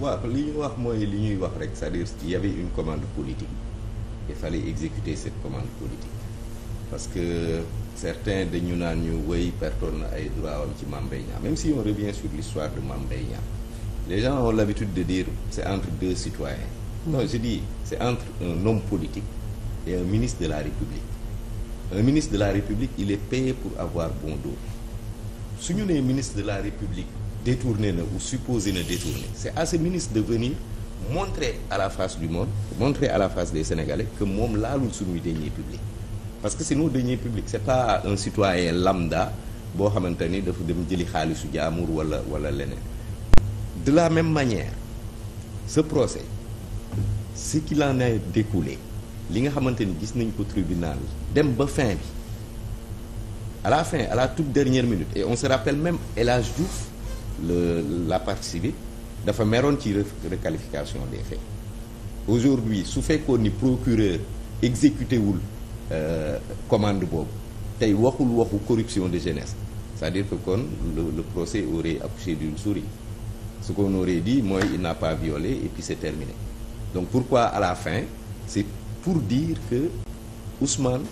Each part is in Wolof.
waaw li ñu wax mooy li ñuy wax rek c'est-à-dire il y une commande politique il fallait exécuter cette commande politique parce que certains dañu naan ñu wéy pertoon na ay droit am ci Mame Mbaye si on revient sur l'histoire de Mame Mbaye les gens ont l'habitude de dire c'est entre deux citoyens non je dis c'est entre un homme politique et un ministre de la République un ministre de la République il est payé pour avoir bon dos su ñu nee ministre de la République détourné na ou supposé na détourner c'est à ce ministre de venir montrer à la face du monde montrer à la face des Sénégalais que moom laalul suñuy deniers publics parce que si nos deniers publics c'est pas un citoyen lambda boo xamante ni dafa dem jëli xaalisu jaamur wala wala leneen de la même manière ce procès ce qu'il en a li nga xamante ni gis nañ ko tribunal dem ba fin bi à la fin à la toute dernière minute et on se rappelle même El Hadj Diouf le la partie civile dafa meroon ci requalification des faits aujourd'hui su fekkoon ni procureur exécuté wul euh, commande boobu tey waxul waxu corruption de jeunesse c'est-à-dire que kon le, le procès aurait accouché d'une souris ce qu'on aurait di mooy il n'a pas violé et puis c'est terminé donc pourquoi à la fin c'est pour dire que Ousmane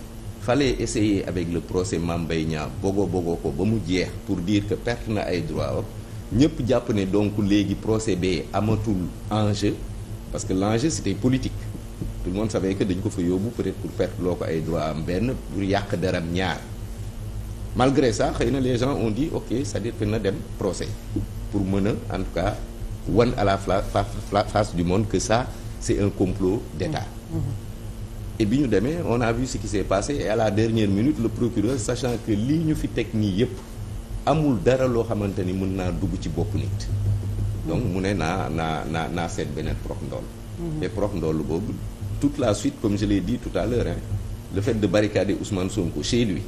fale essayer avec le procès Mame Mbaye Niang bogo bogo ko ba mu jeex pour diir que perte na ay droits ñëpp jàpp ne donc léegi procès bi amatul enjeu parce que l'enjeu c'était politique tout le monde savait que dañ ko fa yóbbu peut-être pour perdre loo ko ay droit am benn pour yàq daram ñaar malgré ça xëy na les gens ont dit ok c'est-à-dire que na dem procès pour mën a en tout cas wan à la face du monde que ça c'est un complot d'État mmh. et bi ñu demee on a vu ce qui s'est passé et à la dernière minute le procureur sachant que lii ñu fi teg nii yëpp amul dara loo xamante ni mën naa dugg ci bopp nit donc mu ne naa naa naa naa seet beneen prof ndool te mhm. prof ndool boobu tout la suite comme je l'ai dit tout à l'heure hein le fait de barricader Ousmane Sonko chez lui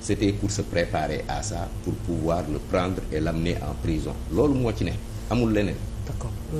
c'était pour se préparer à ça pour pouvoir le prendre et l'amener en prison loolu moo ci ne amul leneen d'accord